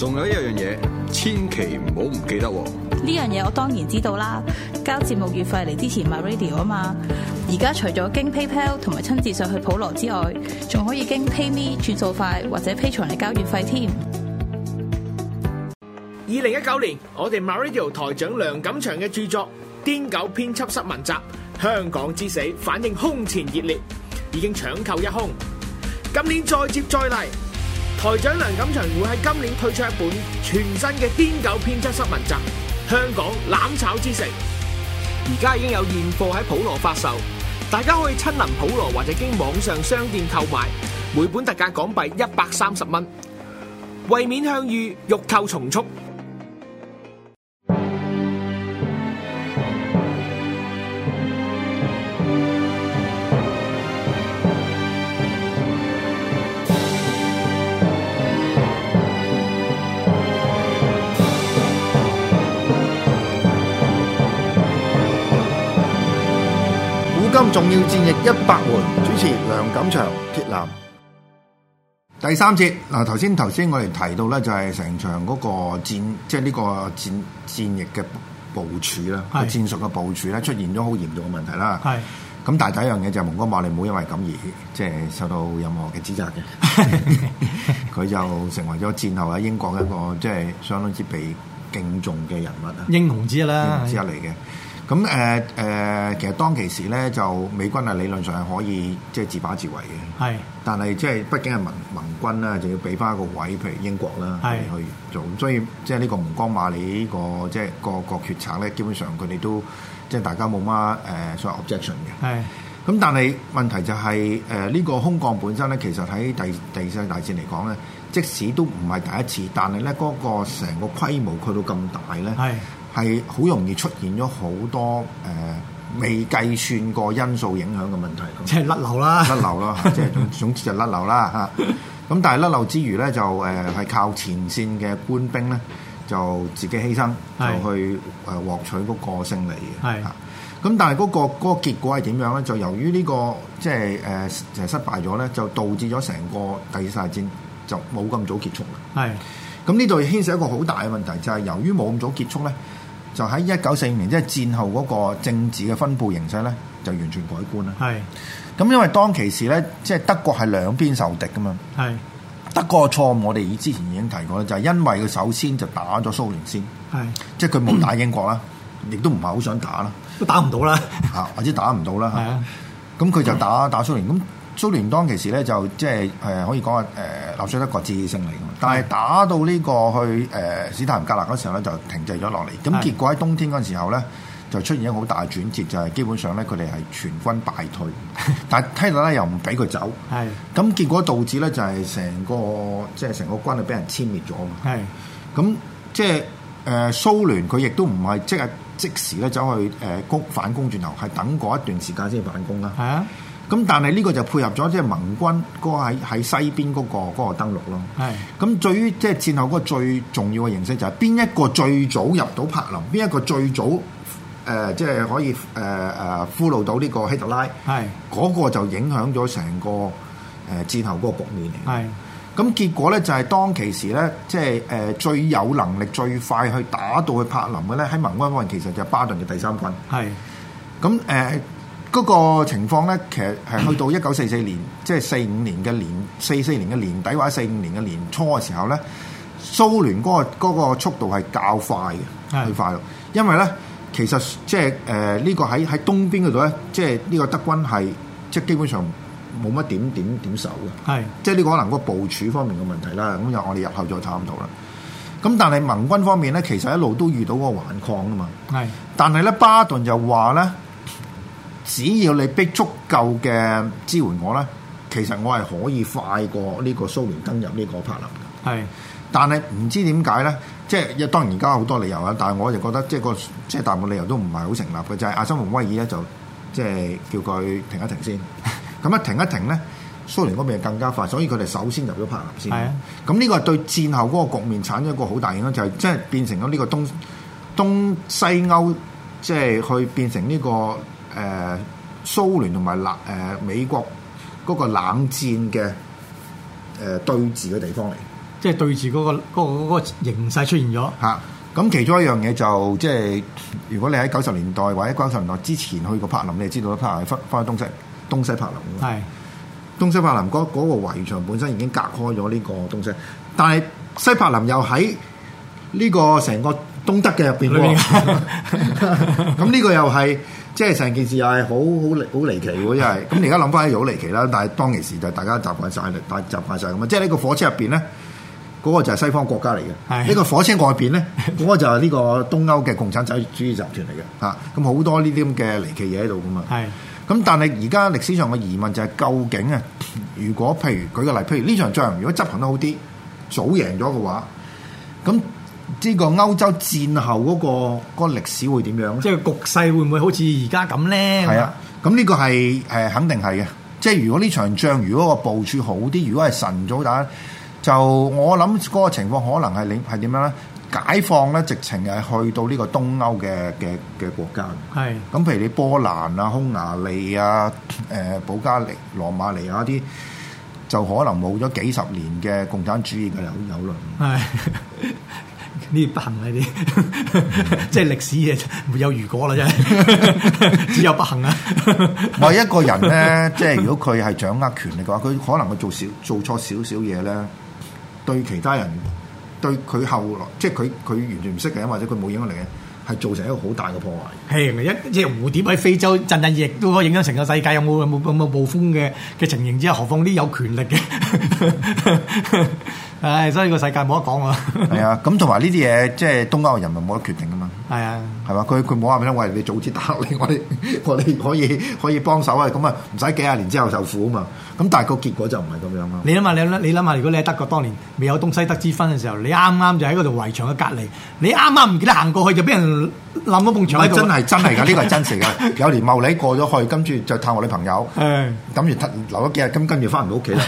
仲有一樣嘢，千祈唔好唔記得喎！呢樣嘢我當然知道啦，交節目月費嚟支持 MyRadio 啊嘛！而家除咗經 PayPal 同埋親自上去普羅之外，仲可以經 PayMe 轉數快或者 Patreon 嚟交月費添。二零一九年，我哋 MyRadio 台長梁錦祥嘅著作《癲狗編輯室文集：香港之死》反應空前熱烈，已經搶購一空。今年再接再厲。台長梁錦祥會喺今年推出一本全新嘅癲狗編輯室文集《香港攬炒之城》，而家已經有現貨喺普羅發售，大家可以親臨普羅或者經網上商店購買，每本特價港幣一百三十蚊，為免向隅欲購從速。重要戰役一百回，主持梁錦祥、鐵男。第三節嗱，頭先頭先我哋提到咧，就係成場嗰個戰，即係呢個戰戰，戰役嘅部署啦，是戰術嘅部署咧，出現咗好嚴重嘅問題啦。係咁是，但係第一樣嘢就係蒙哥馬利冇因爲咁而即係、就是、受到任何嘅指責嘅，佢 就成爲咗戰後喺英國一個即係相當之被敬重嘅人物啊，英雄之一啦，英雄之一嚟嘅。咁誒誒，其實當其時咧，就美軍係理論上係可以即係、就是、自把自為嘅。係，是 但係即係畢竟係盟盟軍啦，就要俾翻一個位，譬如英國啦嚟是 去做。咁所以即係呢個蒙哥馬利呢個即係、就是那個、那個決策咧，基本上佢哋都即係、就是、大家冇乜誒所謂 objection 嘅。係。咁但係問題就係誒呢個空降本身咧，其實喺第第二次世界大戰嚟講咧，即使都唔係第一次，但係咧嗰個成個規模去到咁大咧。係。係好容易出現咗好多、呃、未計算過因素影響嘅問題，即係甩漏啦，甩漏啦，即係 總之就甩漏啦咁 但係甩漏之餘咧，就係、呃、靠前線嘅官兵咧，就自己犧牲，就去誒獲取嗰個勝利嘅。咁是是但係嗰、嗰個嗰個結果係點樣咧？就由於呢、呢個即係、就係呃、失敗咗咧，就導致咗成個第二次大戰就冇咁早，是、就係、早結束。咁呢度牽涉一個好大嘅問題，就係由於冇咁早結束咧。就喺一九四五年，即、就、係、是、戰後嗰個政治嘅分布形勢咧，就完全改觀啦。係是，咁因為當其時咧，即係德國係兩邊受敵噶嘛。係是，德國嘅錯誤，我哋之前已經提過啦，就係、是、因為佢首先就打咗蘇聯先。係是，即係佢冇打英國啦， 亦都唔係好想打啦。都打唔到啦， 或者打唔到啦。啊，咁佢就打打蘇聯，咁蘇聯當其時咧就即係、就是、可以講下誒，納粹德國戰勝嚟。但係打到呢個去誒、呃、史坦格勒嗰時候咧，就停滯咗落嚟。咁結果喺冬天嗰陣時候咧，就出現一個好大嘅轉折，就係、是、基本上咧佢哋係全軍敗退。 但係希特勒又唔俾佢走。咁 結果導致咧就係、是、成個即係成個軍隊俾人殲滅咗。咁即係誒蘇聯佢亦都唔係即係即時咧走去誒、呃、反攻轉頭，係等過一段時間先去反攻啦。係啊。 咁但係呢個就配合咗即係盟軍嗰個喺喺西邊嗰個嗰個登陸囉。咁至於即係戰後嗰個最重要嘅形式就係邊一個最早入到柏林，邊一個最早即係，呃就是，可以誒誒，呃、俘虜到呢個希特拉。係。嗰個就影響咗成個，呃、戰後嗰個局面嚟。咁是的 結果呢，就係，是，當其時呢，即，就，係，是呃，最有能力最快去打到去柏林嘅呢，喺盟軍方面，其實就係巴頓嘅第三軍。咁是的 嗰個情況咧，其實係去到一九四四年，即係四五年嘅年，四四年嘅年底或者四五年嘅年初嘅時候咧，蘇聯嗰個嗰個速度係較快嘅，係快咯。因為咧，其實即係誒呢個喺喺東邊嗰度咧，即係呢個德軍係即係基本上冇乜點點點守嘅，係是的 即係呢個可能個部署方面嘅問題啦。咁就我哋日後再探討啦。咁但係盟軍方面咧，其實一路都遇到個頑抗啊嘛，係。是的 但係咧，巴頓就話咧。只要你逼足夠嘅支援我咧，其實我係可以快過呢個蘇聯登入呢個柏林嘅。係，是的 但係唔知點解咧，即係當然而家好多理由啦，但係我就覺得即係個即係大部分理由都唔係好成立嘅，就係、是、艾森豪威爾咧就即係叫佢停一停先。咁 一停一停咧，蘇聯嗰邊就更加快，所以佢哋首先入咗柏林先。係啊，咁呢個係對戰後嗰個局面產生一個好大影響，就係即係變成咗呢個東東西歐即係、就是、去變成呢、這個。誒、呃、蘇聯同埋、呃、美國嗰個冷戰嘅誒、呃、對峙嘅地方嚟，即係對峙嗰、嗰個嗰個嗰個形勢出現咗，咁其中一樣嘢就即係如果你喺九十年代或者九十年代之前去過柏林，你就知道咗柏林分翻去東西東西柏林嘅。係東西柏林嗰嗰是、嗰個圍牆本身已經隔開咗呢個東西，但係西柏林又喺呢個成個東德嘅入邊，咁呢個又係。即係成件事又係好好離好離奇喎，一係咁你而家諗翻起又好離奇啦，但係當其時就大家習慣晒大家習慣晒咁啊！即係呢個火車入邊咧，嗰個就係西方國家嚟嘅；呢是個火車外邊咧，嗰個就係呢個東歐嘅共產主義集團嚟嘅嚇。咁好是多呢啲咁嘅離奇嘢喺度㗎嘛。咁是但係而家歷史上嘅疑問就係究竟啊？如果譬如舉個例，譬如呢場仗如果執行得好啲，早贏咗嘅話，咁。呢個歐洲戰後嗰個嗰個歷史會點樣咧？即係局勢會唔會好似而家咁咧？係啊，咁呢個係誒肯定係嘅。即係如果呢場仗如果個部署好啲，如果係晨早打，就我諗嗰個情況可能係你係點樣咧？解放咧，直情係去到呢個東歐嘅嘅嘅國家嘅。咁是譬如你波蘭啊、匈牙利啊、誒保加利、羅馬尼亞啲，就可能冇咗幾十年嘅共產主義嘅蹂躪。係是。 呢啲不幸啊啲，嗯、 即係歷史嘢，沒有如果啦，真係 只有不幸啦、啊。某一個人咧， 即係如果佢係掌握權力嘅話，佢可能佢做少做錯少少嘢咧，對其他人對佢後來，即係佢佢完全唔識嘅，或者佢冇影響力嘅，係造成一個好大嘅破壞。係，一隻蝴蝶喺非洲振振亦都影響成個世界。有冇有冇咁嘅暴風嘅嘅情形之下，何況啲有權力嘅？嗯嗯 唉、哎，所以呢個世界冇得講啊！係 啊，咁同埋呢啲嘢，即係東歐人民冇得決定啊嘛！係啊，係嘛？佢佢冇話俾你，我係你早知得你我哋我哋可以可以幫手啊！咁啊，唔使幾廿年之後受苦啊嘛！咁但係個結果就唔係咁樣啦。你諗下，你諗下，如果你喺德國，當年未有東西德之分嘅時候，你啱啱就喺嗰度圍牆嘅隔離，你啱啱唔記得行過去就俾人冧咗埲牆是真係真係㗎，呢 個係真實㗎。 有年茂裏過咗去，跟住就探我女朋友，咁完留咗幾日，咁跟住翻唔到屋企啦。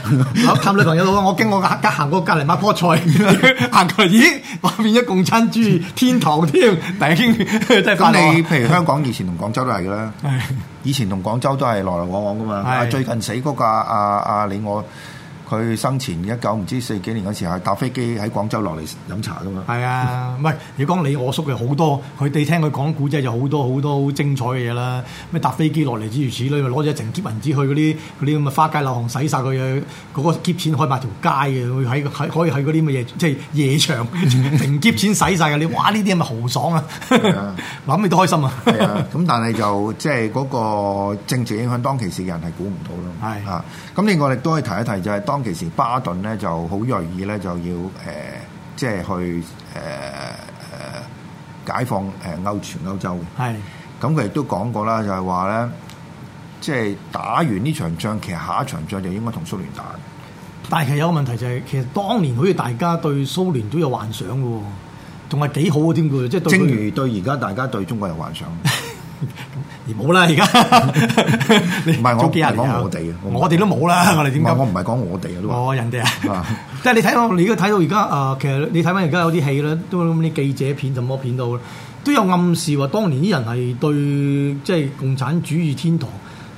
探女朋友我我驚隔行嗰個隔買棵菜行過咦，我變咗共產主義天堂添。經係你譬如香港以前同廣州都係噶啦， 以前同廣州都係來來往往噶嘛。 最近死嗰、那個阿阿、啊啊、你我。佢生前一九唔知四幾年嗰時候，係搭飛機喺廣州落嚟飲茶噶嘛？係啊，唔係 你講你我叔嘅好多，佢哋聽佢講古仔有好多好多好精彩嘅嘢啦。咩搭飛機落嚟之如此類，攞咗成劫銀紙去嗰啲嗰啲咁嘅花街柳巷洗晒佢嘅，嗰、嗰個劫錢開埋條街，佢喺可以喺嗰啲嘅嘢即係夜場，成劫錢洗晒嘅。你哇呢啲係咪豪爽啊？諗、啊、 你都開心啊！係啊，咁但係就即係嗰個政治影響當的人是不到的，當其時嘅人係估唔到咯。係咁、啊、另外，亦都可以提一提，就係當。其實巴頓咧就好銳意咧就要誒、呃，即係去誒誒、呃、解放誒歐全歐洲。係的，咁佢亦都講過啦，就係話咧，即係打完呢場仗，其實下一場仗就應該同蘇聯打。但係其實有個問題就係，其實當年好似大家對蘇聯都有幻想噶，仲係幾好噶添噶，即係正如對而家大家對中國有幻想。 而冇啦，而家唔係我，講我哋嘅，我哋都冇啦。我哋點解？我唔係講我哋啊，都話人哋啊。即係 你睇到，你如果睇到而家啊，其實你睇翻而家有啲戲咧，都啲記者片什麼片到都，都有暗示話，當年啲人係對即係、就是、共產主義天堂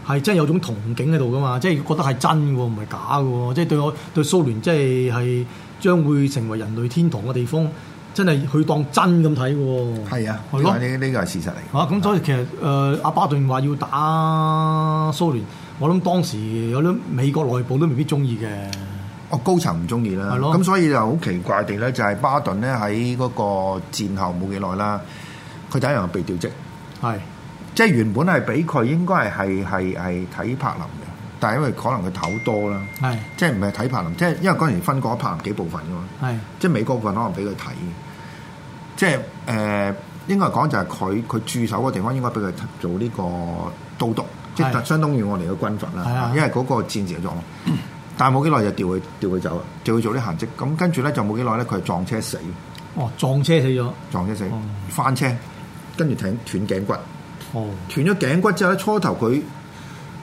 係真係有種憧憬喺度噶嘛，即、就、係、是、覺得係真嘅，唔係假嘅，即、就、係、是、對我對蘇聯即係係將會成為人類天堂嘅地方。真係佢當真咁睇喎，係啊，呢呢個係事實嚟。啊，咁所以其實誒，阿、呃、巴頓話要打蘇聯，我諗當時有啲美國內部都未必中意嘅。哦，高層唔中意啦。係咯的。咁所以就好奇怪地咧，就係、是、巴頓咧喺嗰個戰後冇幾耐啦，佢第一樣被調職。係的。即係原本係俾佢應該係係係係睇柏林。但係因為可能佢頭多啦，是即係唔係睇柏林，即係因為嗰陣時分過柏林幾部分嘅嘛是，即係美國部分可能俾佢睇嘅，即係誒應該講就係佢佢駐守嘅地方應該俾佢做呢個都督，是即係相當於我哋嘅軍閥啦，的因為嗰個戰時嘅狀況。是的但係冇幾耐就調佢調佢走啊，調佢做啲閒職。咁跟住咧就冇幾耐咧佢係撞車死。哦，撞車死咗。撞車死了，翻、哦、車，跟住頸斷頸骨。哦，斷咗頸骨之後咧，初頭佢。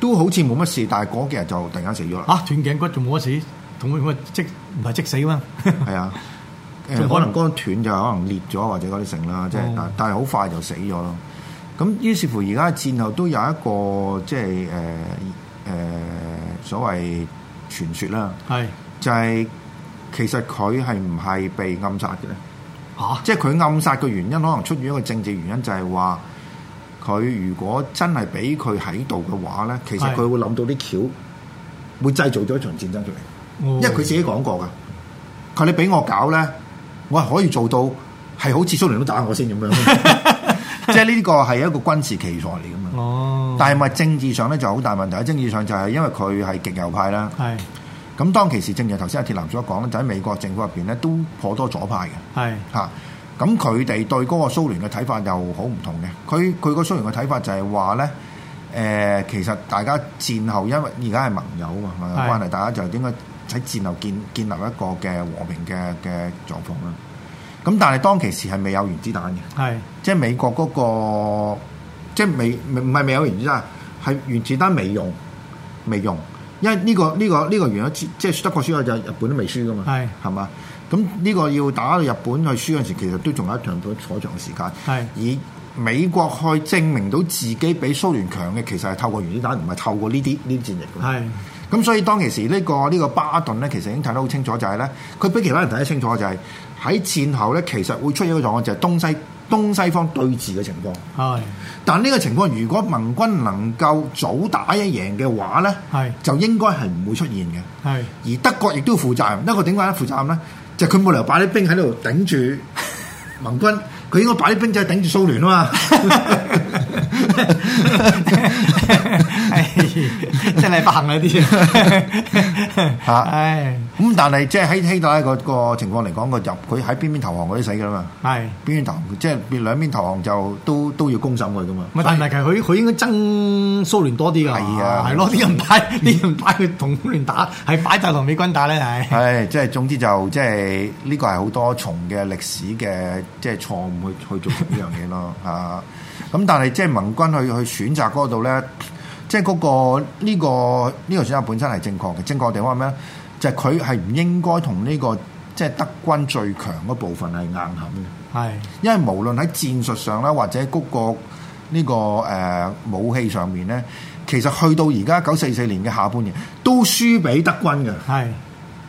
都好似冇乜事，但係嗰幾日就突然間死咗啦。啊，斷頸骨仲冇得死，同佢咁即唔係即死嘛？係 啊、呃，可能骨斷就可能裂咗或者嗰啲成啦，即係、哦、但但係好快就死咗咯。咁於是乎而家戰後都有一個即係、呃呃、所謂傳說啦，係是就係其實佢係唔係被暗殺嘅？嚇、啊！即係佢暗殺嘅原因，可能出於一個政治原因就，就係話。佢如果真係俾佢喺度嘅話咧，其實佢會諗到啲橋，會製造咗一場戰爭出嚟。因為佢自己講過噶，佢你俾我搞咧，我係可以做到，係好似蘇聯都打我先咁樣。 即係呢個係一個軍事奇才嚟噶嘛。哦，但係咪政治上咧就好大問題？喺政治上就係因為佢係極右派啦。係。咁當其時，正如頭先阿鐵男所講咧，就喺美國政府入邊咧都頗多左派嘅。係嚇。咁佢哋對嗰個蘇聯嘅睇法又好唔同嘅，佢佢個蘇聯嘅睇法就係話咧，誒其實大家戰後因為而家係盟友啊嘛，是的 關係？大家就應該喺戰後建建立一個嘅和平嘅嘅狀況啦。咁但係當其時係未有原子彈嘅是的、係，即係美國嗰個即係未唔係未有原子彈，係原子彈未用未用，因為呢個呢個呢個原咗，即係德國輸咗就日本都未輸噶嘛，係咪？嘛？咁呢個要打到日本去輸嗰陣時，其實都仲有一長段坐長嘅時間。係而是美國去證明到自己比蘇聯強嘅，其實係透過原子彈，唔係透過呢啲呢啲戰役嘅。咁是，所以當其時呢、這個呢、這個巴頓咧，其實已經睇得好清楚就呢，就係咧佢俾其他人睇得清楚、就是，就係喺戰後咧，其實會出現一個狀況，就係東西東西方對峙嘅情況。係是但呢個情況，如果盟軍能夠早打一贏嘅話咧，是就應該係唔會出現嘅。係是而德國亦都負負責任。德國點解負責任咧？就佢冇理由擺啲兵喺度頂住盟軍，佢應該擺啲兵仔頂住蘇聯啊嘛。 真係不幸啲吓，咁、嗯、但係即係喺希特拉 大拉個情況嚟講，個入佢喺邊邊投降嗰啲死噶啦嘛，係邊邊投降，即係兩邊投降就都都要公審佢噶嘛。但係其實佢佢應該爭蘇聯多啲噶，係啊，係咯，啲人擺，啲人擺佢同蘇聯打，係擺晒同美軍打咧，係。係，即係總之就即係呢個係好多重嘅歷史嘅即係錯誤去去做呢樣嘢咯吓。咁、 啊、但係即係盟軍去去選擇嗰度咧。即係、那、嗰個呢、這個呢、這個選擇本身係正確嘅，正確的地方係咩？就係佢係唔應該同呢、這個即係德軍最強嗰部分係硬撼嘅。係，是的 因為無論喺戰術上啦，或者嗰、那個呢、這個誒、呃、武器上面咧，其實去到而家九四四年嘅下半年都輸俾德軍嘅。係，是的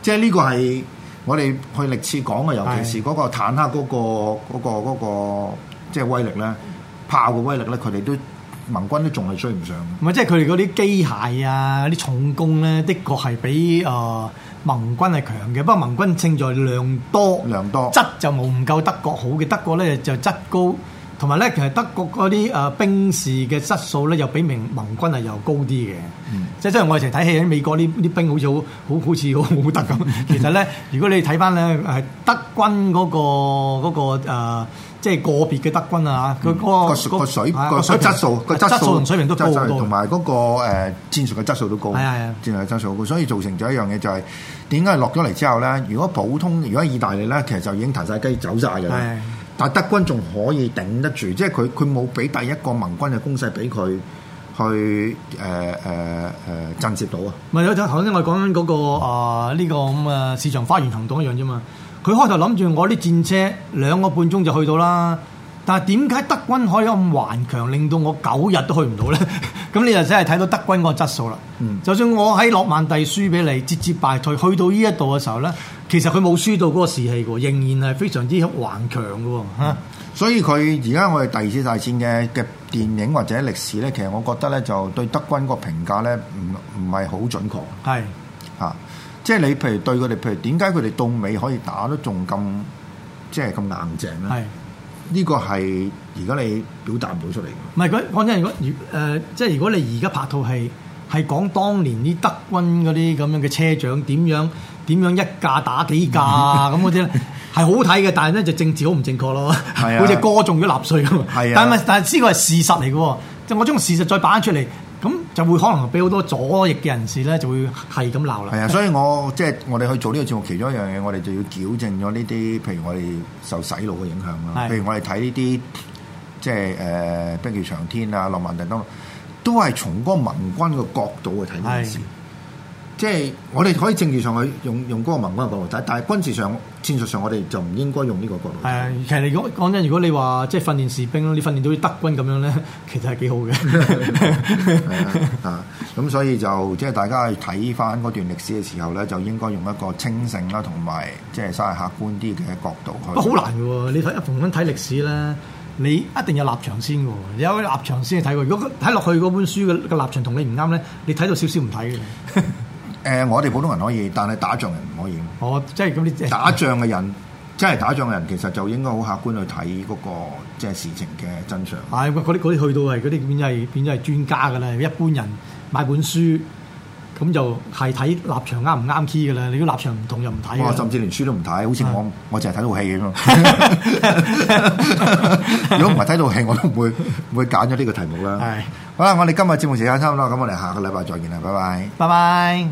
即係呢個係我哋去歷次講嘅，尤其是嗰個坦克嗰、那個嗰、那個那個那個、即係威力咧，炮嘅威力咧，佢哋都。盟軍都仲係追唔上。唔係，即係佢哋嗰啲機械啊、啲重工咧，的確係比誒、呃、盟軍係強嘅。不過盟軍勝在量多，量多質就冇唔夠德國好嘅。德國咧就質高，同埋咧其實德國嗰啲誒兵士嘅質素咧又比盟盟軍係又高啲嘅。嗯、即係真係我哋成日睇戲，美國呢啲兵好似好好好似好好得咁。其實咧， 如果你睇翻咧，德軍嗰、嗰個嗰、嗰個呃即係個別嘅德軍啊，佢嗰、嗯嗰個、個水個水質素個、啊、質素同、啊、水平都高過，同埋嗰個誒、呃、戰術嘅質素都高。係係係戰術質素高，所以造成咗一樣嘢就係點解落咗嚟之後咧？如果普通，如果意大利咧，其實就已經彈晒雞走晒㗎啦。係係但係德軍仲可以頂得住，即係佢佢冇俾第一個盟軍嘅攻勢俾佢去誒誒誒震懾到啊！咪有就頭先我講緊嗰個、呃呢個嗯、啊呢個咁啊市場花園行動一樣啫嘛。佢開頭諗住我啲戰車兩個半鐘就去到啦，但係點解德軍可以咁頑強，令到我九日都去唔到呢？咁 你就真係睇到德軍個質素啦。嗯、就算我喺諾曼第輸俾你，節節敗退，去到呢一度嘅時候呢，其實佢冇輸到嗰個士氣喎，仍然係非常之頑強嘅喎、嗯、所以佢而家我哋第二次大戰嘅嘅電影或者歷史呢，其實我覺得呢，就對德軍個評價呢，唔唔係好準確。係嚇是。啊即係你譬，譬如對佢哋，譬如點解佢哋到尾可以打得仲咁，即係咁硬淨咧？呢是 個係而家你表達唔到出嚟。唔係佢講真，如果誒、呃、即係如果你而家拍套戲係講當年啲德軍嗰啲咁樣嘅車長點樣點樣一架打幾架咁嗰啲咧，係 好睇嘅，但係咧就政治好唔正確咯，好似是、啊、歌頌咗納粹咁。係是啊但係，但係但係呢個係事實嚟嘅，即係我將個事實再擺出嚟。咁就會可能俾好多左翼嘅人士咧，就會係咁鬧啦。係啊，所以我即係、就是、我哋去做呢個節目，其中一樣嘢，我哋就要矯正咗呢啲，譬如我哋受洗腦嘅影響啦。是的 譬如我哋睇呢啲，即係誒《碧血、呃、長天》啊，《浪漫等都》都係從嗰個盟軍嘅角度去睇呢件事。即係是的 我哋可以政治上去用用嗰個盟軍嘅角度，但係軍事上。戰術上，我哋就唔應該用呢個角度。係啊，其實如果講真，如果你話即係訓練士兵咯，你訓練到啲德軍咁樣咧，其實係幾好嘅 。咁 所以就即係大家去睇翻嗰段歷史嘅時候咧，就應該用一個清醒啦，同埋即係稍微客觀啲嘅角度。不過好難嘅喎，你睇一縫睇歷史咧，你一定有立場先嘅喎，你有啲立場先去睇，如果睇落去嗰本書嘅嘅立場同你唔啱咧，你睇到少少唔睇嘅。誒、呃，我哋普通人可以，但係打仗人唔可以。我、哦、即係啲打仗嘅人，真係打仗嘅人，其實就應該好客觀去睇嗰、嗰個即係事情嘅真相。係、哎、嗰啲啲去到係嗰啲變咗係變咗係專家噶啦，一般人買本書，咁就係睇立場啱唔啱 key 噶啦。你啲立場唔同就唔睇。我甚至連書都唔睇，好似我、哎、我淨係睇到戲咁。如果唔係睇到戲，我都唔會唔會揀咗呢個題目啦。係、哎、好啦，我哋今日節目時間差唔多，咁我哋下個禮拜再見啦，拜拜。拜拜。